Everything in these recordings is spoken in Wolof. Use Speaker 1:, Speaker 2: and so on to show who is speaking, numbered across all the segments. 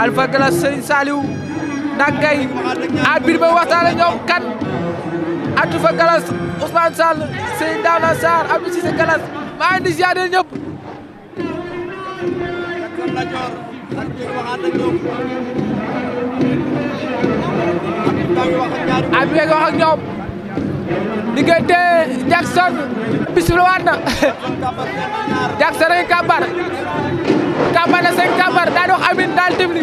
Speaker 1: Alpha Galass Serigne nak kay arbitre ba waxtaane ñoom kan Alpha Galass Ousmane Sall Serigne Daouda Sarr Abdou Cissé Galass maa ngi di ziare ñoom diggante Jackson bisimilah waat na Jackson a ngi Kambar na sëñ Kambar daa dox amin daal tibli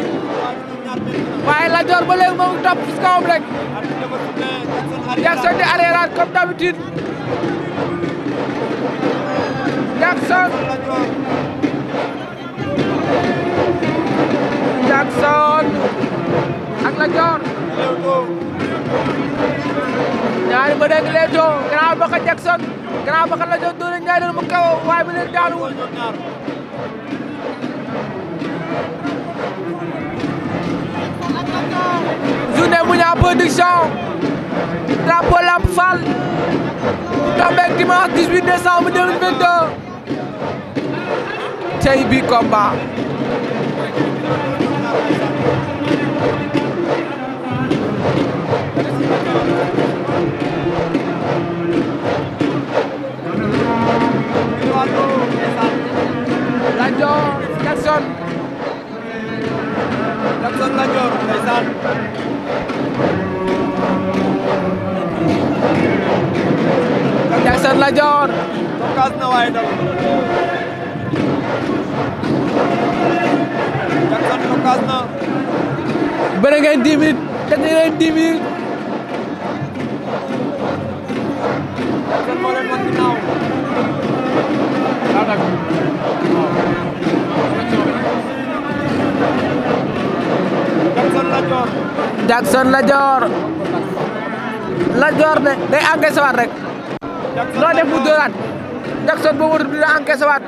Speaker 1: waaye Lat Dior ba léegi moom topp si kawam rek Jackson di arrière comme d'habitude Jackson Jackson ak Lat Dior ñaari ba dégg lee joo gannaaw ba ko Jackson gannaaw ba ko Lat Dior doole ñaari mu kaw waaye bi leen daanu production drapeau Lamp Fall tombeeg dimanche 18 décembre 2022 tey bi combat Jackson Jackson Jackson Ladior Talla Dior tokkaas na waaye daw Jackson tokkaas na bëre ngeen dix minutes te ngeen dix minutes Jackson moo leen wan ginnaaw Jackson Lat Dior Jackson Lat Dior Lat Dior ne day engagé waat rek loo def mu dóoraat Jackson boo warul dina encaissé waat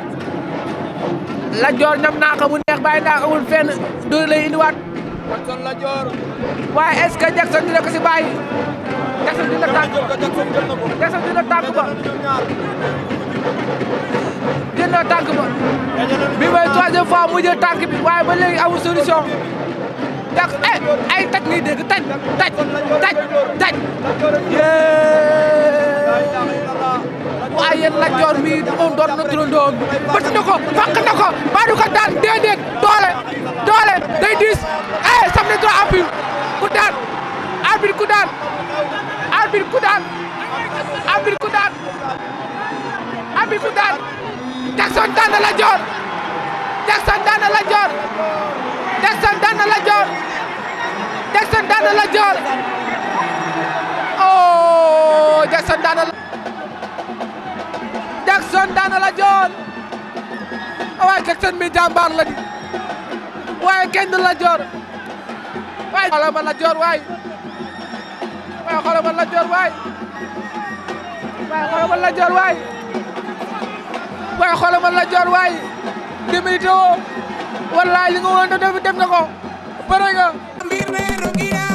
Speaker 1: Lat ñam naa mu neex bàyyi naa amul fenn dóor lay indiwaat. Jackson waaye est que Jackson dina ko si bàyyi. Jackson dina tànk ba Jackson dina tànk ba. ba. bi mooy troisième fois mu jël tànk bi waaye ba léegi amul solution. ndax eh, ay taj ngay dégg taj taj. déedéet Lat Joor mi moom doon na turandoom bët na ko fàq na baadu ko daan déedéet doole doole day diis eh sam na droit arbitre ku daan arbitre ku daan arbitre ku daan arbitre ku daan arbitre daan na Lat Joor Jackson daan na Lat Joor Jackson daan daan na Lat Jackson daana la joon waaye Jackson mi jàmbaar la di waaye kenn du la waaye xoolal ma waaye waaye xoolal ma waaye xoolal ma woo oh. wallaay li nga woon def def nga ko bëre nga